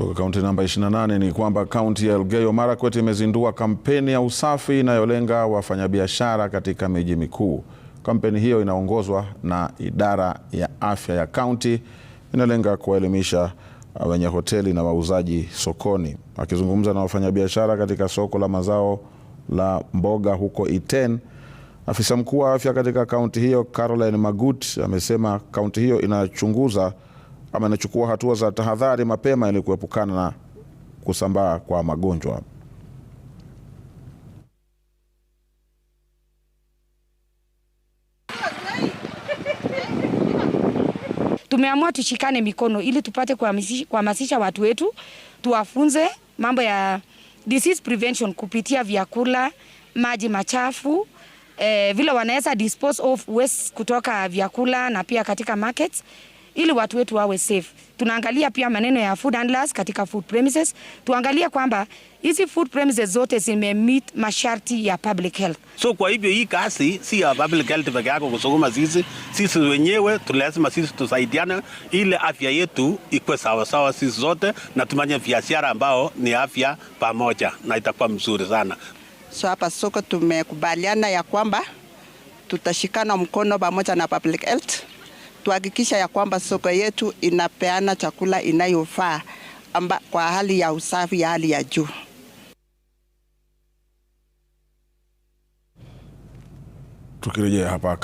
Kutoka kaunti namba 28 ni kwamba kaunti ya Elgeyo Marakwet imezindua kampeni ya usafi inayolenga wafanyabiashara katika miji mikuu. Kampeni hiyo inaongozwa na idara ya afya ya kaunti, inalenga kuwaelimisha uh, wenye hoteli na wauzaji sokoni. Akizungumza na wafanyabiashara katika soko la mazao la mboga huko Iten, afisa mkuu wa afya katika kaunti hiyo Caroline Magut amesema kaunti hiyo inachunguza ama inachukua hatua za tahadhari mapema ili kuepukana na kusambaa kwa magonjwa. Tumeamua tushikane mikono ili tupate kuhamasisha watu wetu, tuwafunze mambo ya disease prevention kupitia vyakula, maji machafu eh, vile wanaweza dispose of waste kutoka vyakula na pia katika markets ili watu wetu wawe safe. Tunaangalia pia maneno ya food handlers katika food premises, tuangalie kwamba hizi food premises zote meet masharti ya public health. So kwa hivyo hii kazi si ya public health peke yako kusukuma sisi, sisi wenyewe tulazima sisi tusaidiane ili afya yetu ikwe sawasawa sisi zote, na tumanye biashara ambao ni afya pamoja, na itakuwa mzuri sana. So hapa soko tumekubaliana ya kwamba tutashikana mkono pamoja na public health tuhakikisha ya kwamba soko yetu inapeana chakula inayofaa amba kwa hali ya usafi ya hali ya juu. Tukirejea hapa